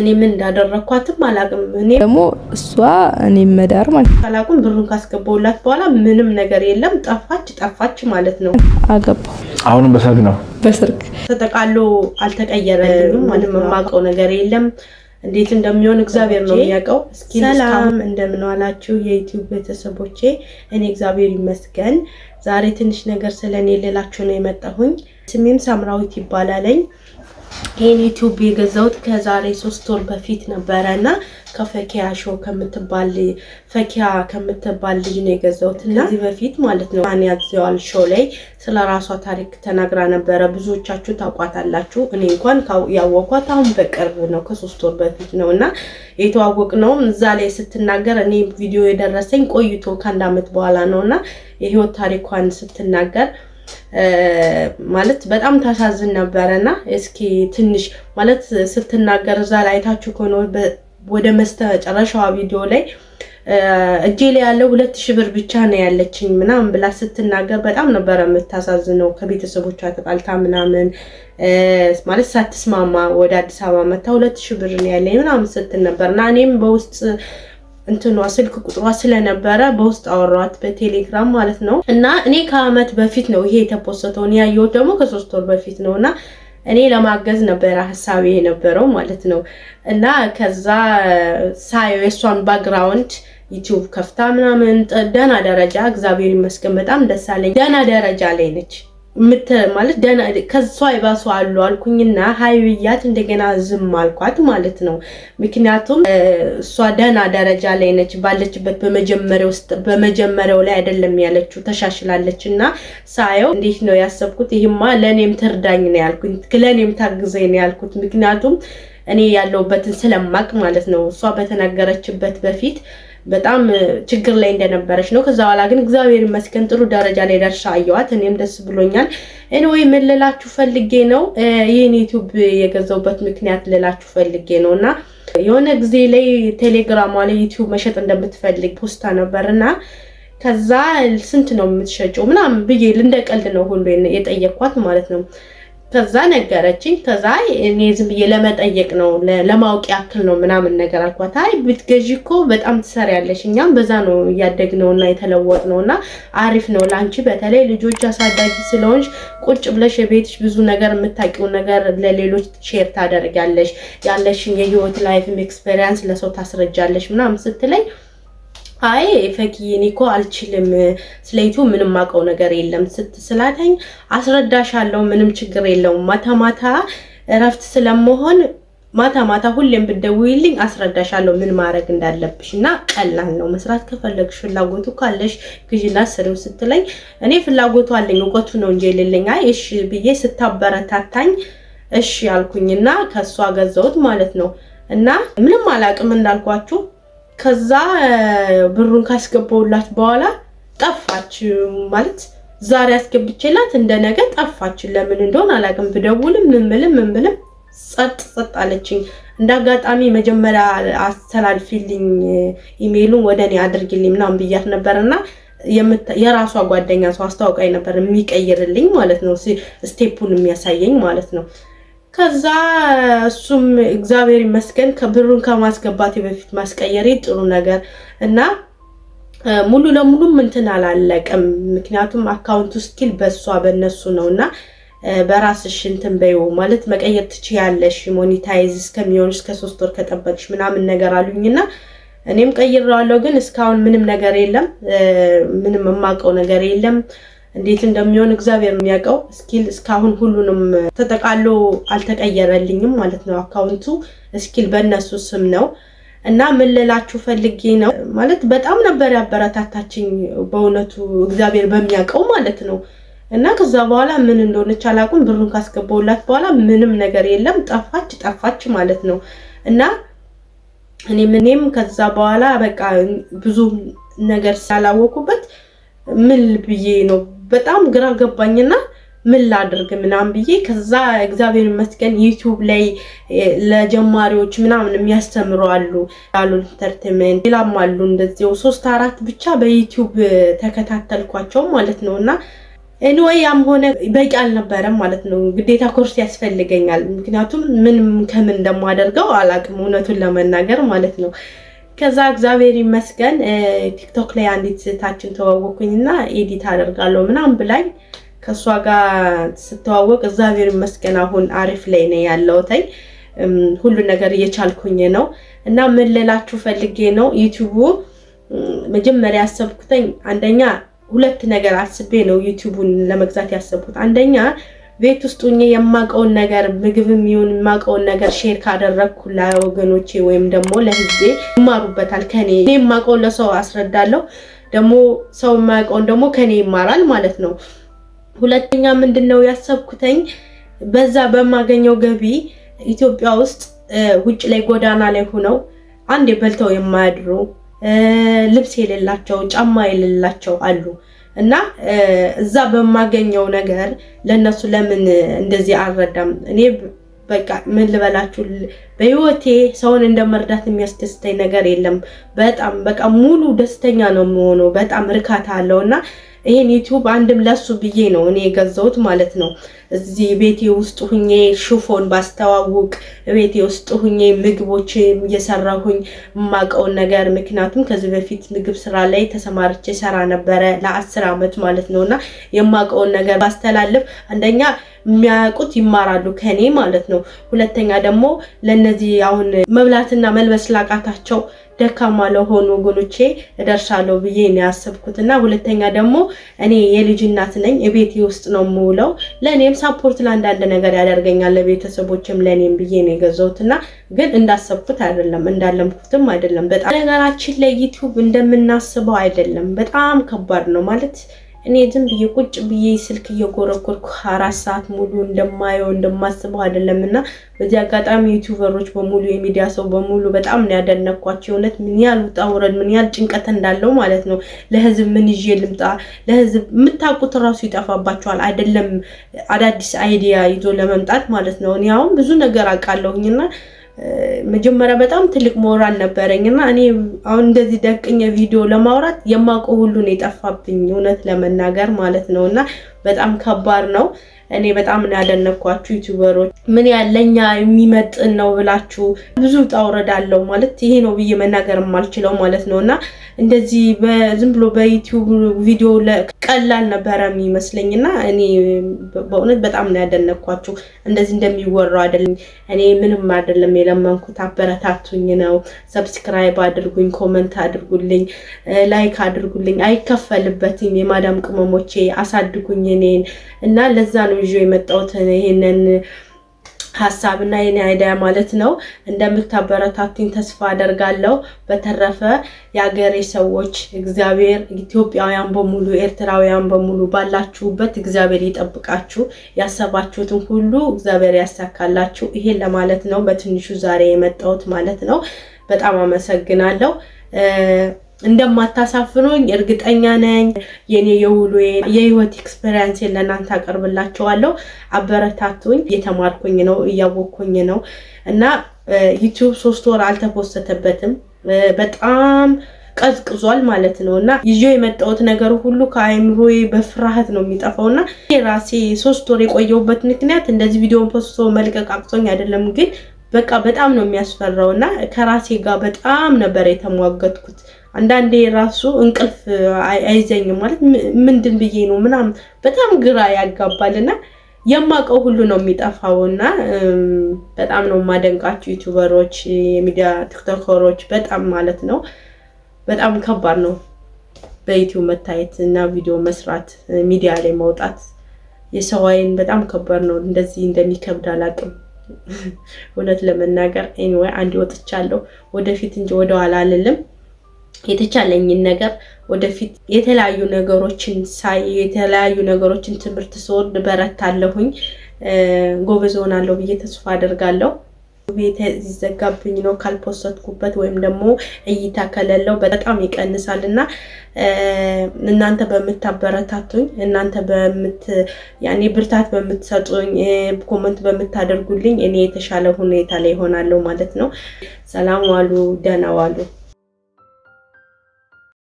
እኔ ምን እንዳደረኳትም አላቅም። እኔ ደግሞ እሷ እኔ መዳር ማለት አላቅም። ብሩን ካስገባውላት በኋላ ምንም ነገር የለም። ጠፋች ጠፋች ማለት ነው። አገባ አሁንም በሰርግ ነው በሰርግ ተጠቃሎ አልተቀየረም። ምንም የማውቀው ነገር የለም። እንዴት እንደሚሆን እግዚአብሔር ነው የሚያውቀው። ሰላም እንደምን ዋላችሁ የዩቲዩብ ቤተሰቦቼ፣ እኔ እግዚአብሔር ይመስገን። ዛሬ ትንሽ ነገር ስለ እኔ ልላችሁ ነው የመጣሁኝ። ስሜም ሳምራዊት ይባላለኝ። ይህን ዩቲዩብ የገዛሁት ከዛሬ ሶስት ወር በፊት ነበረ እና ከፈኪያ ሾ ከምትባል ፈኪያ ከምትባል ልጅ ነው የገዛሁት እና ከዚህ በፊት ማለት ነው ማን ያዘዋል ሾ ላይ ስለ ራሷ ታሪክ ተናግራ ነበረ። ብዙዎቻችሁ ታውቋታላችሁ። እኔ እንኳን ያወኳት አሁን በቅርብ ነው፣ ከሶስት ወር በፊት ነው እና የተዋወቅ ነው። እዛ ላይ ስትናገር እኔ ቪዲዮ የደረሰኝ ቆይቶ ከአንድ አመት በኋላ ነው እና የህይወት ታሪኳን ስትናገር ማለት በጣም ታሳዝን ነበረ እና እስኪ ትንሽ ማለት ስትናገር እዛ ላይ አይታችሁ ከሆነ ወደ መስተጨረሻዋ ቪዲዮ ላይ እጄ ላይ ያለው ሁለት ሺህ ብር ብቻ ነው ያለችኝ ምናምን ብላ ስትናገር በጣም ነበረ የምታሳዝነው። ከቤተሰቦቿ ተጣልታ ምናምን ማለት ሳትስማማ ወደ አዲስ አበባ መታ ሁለት ሺህ ብር ነው ያለኝ ምናምን ስትል ነበር እና እኔም በውስጥ እንትኗ ስልክ ቁጥሯ ስለነበረ በውስጥ አወሯት በቴሌግራም ማለት ነው። እና እኔ ከአመት በፊት ነው ይሄ የተፖሰተውን ያየሁት ደግሞ ከሶስት ወር በፊት ነው እና እኔ ለማገዝ ነበረ ሀሳቤ የነበረው ማለት ነው። እና ከዛ ሳየው የእሷን ባክግራውንድ ዩቲዩብ ከፍታ ምናምን ደህና ደረጃ እግዚአብሔር ይመስገን በጣም ደስ አለኝ። ደህና ደረጃ ላይ ነች። ምት ማለት ደና ከሷ ይባሱ አሉ አልኩኝና ሀይብያት እንደገና ዝም አልኳት ማለት ነው። ምክንያቱም እሷ ደና ደረጃ ላይ ነች ባለችበት በመጀመሪያ ውስጥ በመጀመሪያው ላይ አይደለም ያለችው ተሻሽላለች። እና ሳየው እንዴት ነው ያሰብኩት፣ ይህማ ለእኔም ትርዳኝ ነው ያልኩኝ፣ ለእኔም ታግዘኝ ነው ያልኩት። ምክንያቱም እኔ ያለውበትን ስለማቅ ማለት ነው እሷ በተናገረችበት በፊት በጣም ችግር ላይ እንደነበረች ነው። ከዛ በኋላ ግን እግዚአብሔር ይመስገን ጥሩ ደረጃ ላይ ደርሻ አየዋት። እኔም ደስ ብሎኛል። ወይ ምን ልላችሁ ፈልጌ ነው ይህን ዩቱብ የገዛሁበት ምክንያት ልላችሁ ፈልጌ ነው እና የሆነ ጊዜ ላይ ቴሌግራሟ ላይ ዩቲዩብ መሸጥ እንደምትፈልግ ፖስታ ነበር እና ከዛ ስንት ነው የምትሸጨው ምናምን ብዬ ልንደቀልድ ነው ሁሉ የጠየኳት ማለት ነው ከዛ ነገረችኝ። ከዛ እኔ ዝም ብዬ ለመጠየቅ ነው ለማወቅ ያክል ነው ምናምን ነገር አልኳት። አይ ብትገዢ እኮ በጣም ትሰሪያለሽ፣ እኛም በዛ ነው እያደግነው እና የተለወጥነው እና አሪፍ ነው ለአንቺ በተለይ ልጆች አሳዳጊ ስለሆንሽ ቁጭ ብለሽ የቤትሽ ብዙ ነገር የምታውቂውን ነገር ለሌሎች ሼር ታደርጊያለሽ፣ ያለሽን የህይወት ላይፍ ኤክስፔሪንስ ለሰው ታስረጃለሽ ምናምን ስትለኝ አይ ፈኪ እኔ እኮ አልችልም፣ ስለይቱ ምንም አውቀው ነገር የለም ስትስላተኝ አስረዳሻለሁ፣ ምንም ችግር የለውም። ማታ ማታ እረፍት ስለመሆን ማታ ማታ ሁሌም አስረዳሽ አስረዳሻለሁ ምን ማድረግ እንዳለብሽ እና ቀላል ነው። መስራት ከፈለግሽ ፍላጎቱ ካለሽ ግዢና ስሪው ስትለኝ እኔ ፍላጎቱ አለኝ እውቀቱ ነው እንጂ የሌለኝ አይ እሺ ብዬ ስታበረታታኝ እሺ ያልኩኝና ከእሷ ገዛሁት ማለት ነው። እና ምንም አላውቅም እንዳልኳችሁ ከዛ ብሩን ካስገባውላት በኋላ ጠፋች። ማለት ዛሬ አስገብቼላት እንደነገ ጠፋች። ለምን እንደሆን አላውቅም። ብደውልም ምንብልም ምንብልም ጸጥ ጸጥ አለችኝ። እንደ አጋጣሚ መጀመሪያ አስተላልፊልኝ ኢሜይሉን ወደ እኔ አድርግልኝ ምናምን ብያት ነበርና የራሷ ጓደኛ ሰው አስታውቃኝ ነበር፣ የሚቀይርልኝ ማለት ነው፣ ስቴፑን የሚያሳየኝ ማለት ነው። ከዛ እሱም እግዚአብሔር ይመስገን ከብሩን ከማስገባቴ በፊት ማስቀየሬ ጥሩ ነገር እና ሙሉ ለሙሉ እንትን አላለቅም ምክንያቱም አካውንቱ ስቲል በእሷ በእነሱ ነው እና በራስሽ እንትን በይው ማለት መቀየር ትችያለሽ፣ ሞኒታይዝ እስከሚሆን እስከ ሶስት ወር ከጠበቅሽ ምናምን ነገር አሉኝና እኔም ቀይረዋለሁ። ግን እስካሁን ምንም ነገር የለም፣ ምንም የማውቀው ነገር የለም። እንዴት እንደሚሆን እግዚአብሔር የሚያውቀው። እስኪል እስካሁን ሁሉንም ተጠቃሎ አልተቀየረልኝም ማለት ነው። አካውንቱ እስኪል በእነሱ ስም ነው እና ምን ልላችሁ ፈልጌ ነው ማለት በጣም ነበር ያበረታታችኝ በእውነቱ እግዚአብሔር በሚያውቀው ማለት ነው። እና ከዛ በኋላ ምን እንደሆነች አላውቅም። ብሩን ካስገባውላት በኋላ ምንም ነገር የለም፣ ጠፋች ጠፋች ማለት ነው። እና እኔ ምንም ከዛ በኋላ በቃ ብዙ ነገር ስላላወኩበት ምን ብዬ ነው በጣም ግራ ገባኝና ምን ላድርግ ምናምን ብዬ ከዛ እግዚአብሔር ይመስገን ዩቲዩብ ላይ ለጀማሪዎች ምናምን የሚያስተምሩ አሉ ያሉ ኢንተርቴንመንት ሌላም አሉ እንደዚው ሶስት አራት ብቻ በዩቲዩብ ተከታተልኳቸው ማለት ነው እና ኤኒዌይ ያም ሆነ በቂ አልነበረም ማለት ነው። ግዴታ ኮርስ ያስፈልገኛል። ምክንያቱም ምንም ከምን እንደማደርገው አላቅም እውነቱን ለመናገር ማለት ነው። ከዛ እግዚአብሔር ይመስገን ቲክቶክ ላይ አንዲት እህታችን ተዋወቅኩኝና ኤዲት አደርጋለሁ ምናምን ብላኝ ከእሷ ጋር ስተዋወቅ እግዚአብሔር ይመስገን አሁን አሪፍ ላይ ነው ያለውተኝ ሁሉ ነገር እየቻልኩኝ ነው። እና ምን ልላችሁ ፈልጌ ነው ዩቲዩቡ መጀመሪያ ያሰብኩትኝ አንደኛ ሁለት ነገር አስቤ ነው ዩቲዩቡን ለመግዛት ያሰብኩት አንደኛ ቤት ውስጥ ሁኜ የማውቀውን ነገር ምግብም ይሁን የማውቀውን ነገር ሼር ካደረግኩ ለወገኖቼ ወይም ደግሞ ለህዝቤ ይማሩበታል። ከኔ እኔ የማውቀውን ለሰው አስረዳለሁ፣ ደግሞ ሰው የማያውቀውን ደግሞ ከኔ ይማራል ማለት ነው። ሁለተኛ ምንድን ነው ያሰብኩተኝ በዛ በማገኘው ገቢ ኢትዮጵያ ውስጥ ውጭ ላይ ጎዳና ላይ ሆነው አንዴ በልተው የማያድሩ ልብስ የሌላቸው ጫማ የሌላቸው አሉ። እና እዛ በማገኘው ነገር ለእነሱ ለምን እንደዚህ አልረዳም? እኔ በቃ ምን ልበላችሁ፣ በህይወቴ ሰውን እንደ መርዳት የሚያስደስተኝ ነገር የለም። በጣም በቃ ሙሉ ደስተኛ ነው የምሆነው። በጣም እርካታ አለው እና ይሄን ዩቲዩብ አንድም ለሱ ብዬ ነው እኔ የገዛሁት ማለት ነው። እዚህ ቤቴ ውስጥ ሁኜ ሽፎን ባስተዋውቅ ቤቴ ውስጥ ሁኜ ምግቦች እየሰራሁኝ የማውቀውን ነገር ምክንያቱም ከዚህ በፊት ምግብ ስራ ላይ ተሰማርቼ ሰራ ነበረ ለአስር አመት ማለት ነው እና የማውቀውን ነገር ባስተላልፍ አንደኛ የሚያውቁት ይማራሉ ከኔ ማለት ነው። ሁለተኛ ደግሞ ለእነዚህ አሁን መብላትና መልበስ ላቃታቸው ደካማ ለሆኑ ወገኖቼ እደርሳለሁ ብዬ ነው ያሰብኩት። እና ሁለተኛ ደግሞ እኔ የልጅ እናት ነኝ፣ ቤቴ ውስጥ ነው የምውለው። ለእኔም ሳፖርት ለአንዳንድ ነገር ያደርገኛል፣ ለቤተሰቦችም ለእኔም ብዬ ነው የገዛሁት። እና ግን እንዳሰብኩት አይደለም፣ እንዳለምኩትም አይደለም። በጣም ነገራችን ለዩቲዩብ እንደምናስበው አይደለም። በጣም ከባድ ነው ማለት እኔ ዝም ብዬ ቁጭ ብዬ ስልክ እየጎረኮርኩ አራት ሰዓት ሙሉ እንደማየው እንደማስበው አይደለም። እና በዚህ አጋጣሚ ዩቲዩበሮች በሙሉ የሚዲያ ሰው በሙሉ በጣም ነው ያደነኳቸው። እውነት ምን ያህል ውጣ ውረድ፣ ምን ያህል ጭንቀት እንዳለው ማለት ነው። ለህዝብ ምን ይዤ ልምጣ፣ ለህዝብ የምታውቁት ራሱ ይጠፋባቸዋል። አይደለም አዳዲስ አይዲያ ይዞ ለመምጣት ማለት ነው። እኔ አሁን ብዙ ነገር አውቃለሁኝ መጀመሪያ በጣም ትልቅ ሞራል ነበረኝ እና እኔ አሁን እንደዚህ ደቅኝ ቪዲዮ ለማውራት የማውቀው ሁሉን የጠፋብኝ እውነት ለመናገር ማለት ነው እና በጣም ከባድ ነው። እኔ በጣም ነው ያደነኳችሁ ዩቲዩበሮች። ምን ያለኛ የሚመጥን ነው ብላችሁ ብዙ ጣውረዳለው ማለት ይሄ ነው ብዬ መናገር የማልችለው ማለት ነው። እና እንደዚህ ዝም ብሎ በዩቲዩብ ቪዲዮ ቀላል ነበረ የሚመስለኝ እና እኔ በእውነት በጣም ነው ያደነኳችሁ። እንደዚህ እንደሚወራው አይደለም። እኔ ምንም አይደለም የለመንኩት፣ አበረታቱኝ ነው። ሰብስክራይብ አድርጉኝ፣ ኮመንት አድርጉልኝ፣ ላይክ አድርጉልኝ። አይከፈልበትም። የማዳም ቅመሞቼ አሳድጉኝ እኔን እና ለዛ ነው ይዤ የመጣሁትን ይሄንን ሀሳብ እና የኔ አይዲያ ማለት ነው። እንደምታበረታቱኝ ተስፋ አደርጋለሁ። በተረፈ የሀገሬ ሰዎች እግዚአብሔር ኢትዮጵያውያን በሙሉ ኤርትራውያን በሙሉ ባላችሁበት እግዚአብሔር ይጠብቃችሁ፣ ያሰባችሁትን ሁሉ እግዚአብሔር ያሳካላችሁ። ይሄን ለማለት ነው በትንሹ ዛሬ የመጣሁት ማለት ነው። በጣም አመሰግናለሁ። እንደማታሳፍኑኝ እርግጠኛ ነኝ። የኔ የውሎ የህይወት ኤክስፔሪንስ ለእናንተ አቀርብላቸዋለሁ። አበረታቱኝ። እየተማርኩኝ ነው፣ እያወቅኩኝ ነው እና ዩቲዩብ ሶስት ወር አልተፖስተተበትም በጣም ቀዝቅዟል ማለት ነው እና ይዤው የመጣሁት ነገር ሁሉ ከአይምሮዬ በፍርሃት ነው የሚጠፋው። እና ራሴ ሶስት ወር የቆየሁበት ምክንያት እንደዚህ ቪዲዮን ፖስቶ መልቀቅ አቅቶኝ አይደለም፣ ግን በቃ በጣም ነው የሚያስፈራው እና ከራሴ ጋር በጣም ነበር የተሟገትኩት። አንዳንዴ ራሱ እንቅልፍ አይዘኝም ማለት ምንድን ብዬ ነው ምናምን በጣም ግራ ያጋባልና የማውቀው ሁሉ ነው የሚጠፋው እና በጣም ነው የማደንቃቸው ዩቱበሮች፣ የሚዲያ ቲክቶከሮች በጣም ማለት ነው። በጣም ከባድ ነው በዩቲዩብ መታየት እና ቪዲዮ መስራት፣ ሚዲያ ላይ መውጣት የሰው ዓይን በጣም ከባድ ነው። እንደዚህ እንደሚከብድ አላውቅም እውነት ለመናገር። ኤኒዌይ አንድ ወጥቻለሁ ወደፊት እንጂ ወደኋላ አልልም። የተቻለኝን ነገር ወደፊት የተለያዩ ነገሮችን ሳይ የተለያዩ ነገሮችን ትምህርት ስወድ በረታለሁኝ፣ ጎበዝ ሆናለሁ ብዬ ተስፋ አደርጋለሁ። ቤተ ይዘጋብኝ ነው ካልፖሰትኩበት ወይም ደግሞ እይታ ከሌለው በጣም ይቀንሳል እና እናንተ በምታበረታቱኝ እናንተ በምት ያኔ ብርታት በምትሰጡኝ ኮመንት በምታደርጉልኝ እኔ የተሻለ ሁኔታ ላይ ይሆናለሁ ማለት ነው። ሰላም ዋሉ፣ ደህና ዋሉ።